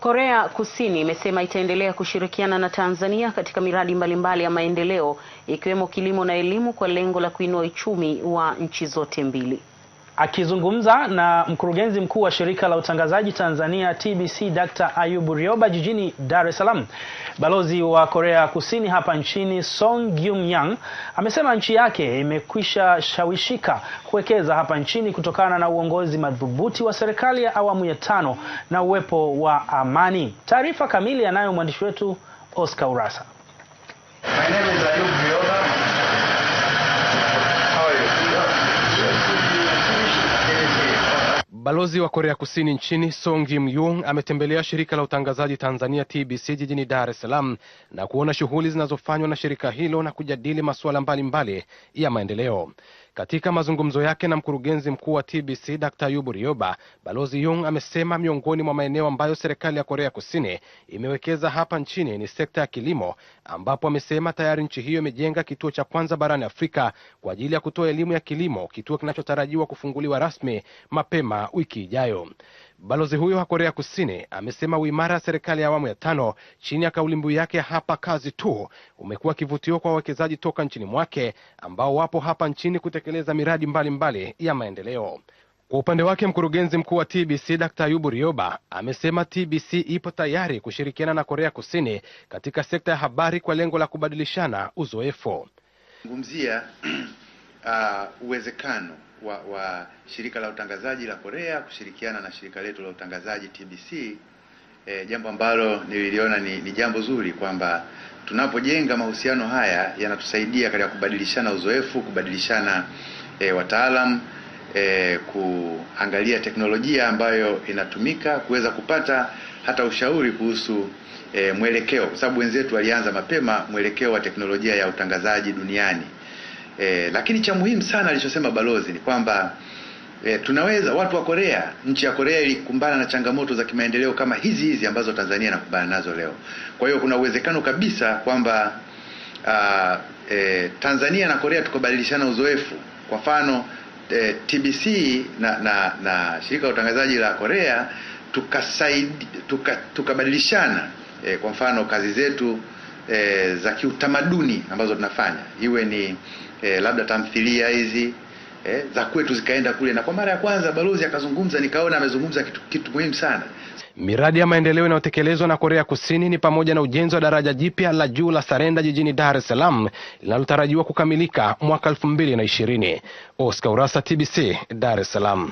Korea Kusini imesema itaendelea kushirikiana na Tanzania katika miradi mbalimbali ya maendeleo ikiwemo kilimo na elimu kwa lengo la kuinua uchumi wa nchi zote mbili. Akizungumza na mkurugenzi mkuu wa shirika la utangazaji Tanzania TBC Dr. Ayubu Rioba jijini Dar es Salaam, balozi wa Korea Kusini hapa nchini Song Gyum Yang amesema nchi yake imekwisha shawishika kuwekeza hapa nchini kutokana na uongozi madhubuti wa serikali ya awamu ya tano na uwepo wa amani. Taarifa kamili anayo mwandishi wetu Oscar Urasa. Balozi wa Korea Kusini nchini Song Jim Yung ametembelea shirika la utangazaji Tanzania TBC jijini Dar es Salaam na kuona shughuli zinazofanywa na shirika hilo na kujadili masuala mbalimbali ya maendeleo. Katika mazungumzo yake na mkurugenzi mkuu wa TBC Dr. Yubu Rioba, Balozi Yung amesema miongoni mwa maeneo ambayo serikali ya Korea Kusini imewekeza hapa nchini ni sekta ya kilimo, ambapo amesema tayari nchi hiyo imejenga kituo cha kwanza barani Afrika kwa ajili ya kutoa elimu ya kilimo, kituo kinachotarajiwa kufunguliwa rasmi mapema wiki ijayo. Balozi huyo wa Korea Kusini amesema uimara ya serikali ya awamu ya tano chini ya kauli mbiu yake hapa kazi tu umekuwa kivutio kwa wawekezaji toka nchini mwake ambao wapo hapa nchini kutekeleza miradi mbalimbali mbali ya maendeleo. Kwa upande wake mkurugenzi mkuu wa TBC Dr. Ayubu Rioba amesema TBC ipo tayari kushirikiana na Korea Kusini katika sekta ya habari kwa lengo la kubadilishana uzoefu. uh, uwezekano wa, wa shirika la utangazaji la Korea kushirikiana na shirika letu la utangazaji TBC. E, eh, jambo ambalo nililiona ni, ni jambo zuri kwamba tunapojenga mahusiano haya yanatusaidia katika kubadilishana uzoefu, kubadilishana e, wataalam e, kuangalia teknolojia ambayo inatumika kuweza kupata hata ushauri kuhusu e, mwelekeo, kwa sababu wenzetu walianza mapema mwelekeo wa teknolojia ya utangazaji duniani. E, lakini cha muhimu sana alichosema balozi ni kwamba e, tunaweza watu wa Korea, nchi ya Korea ilikumbana na changamoto za kimaendeleo kama hizi hizi ambazo Tanzania inakumbana nazo leo. Kwa hiyo kuna uwezekano kabisa kwamba e, Tanzania na Korea tukabadilishana uzoefu. Kwa mfano e, TBC na, na, na shirika la utangazaji la Korea tukabadilishana tuka, tuka e, kwa mfano kazi zetu e, za kiutamaduni ambazo tunafanya iwe ni e, labda tamthilia hizi e, za kwetu zikaenda kule, na kwa mara ya kwanza balozi akazungumza, nikaona amezungumza kitu, kitu muhimu sana. Miradi ya maendeleo inayotekelezwa na Korea Kusini ni pamoja na ujenzi wa daraja jipya la juu la Sarenda jijini Dar es Salaam linalotarajiwa kukamilika mwaka elfu mbili na ishirini. Oscar Urasa, TBC, Dar es Salaam.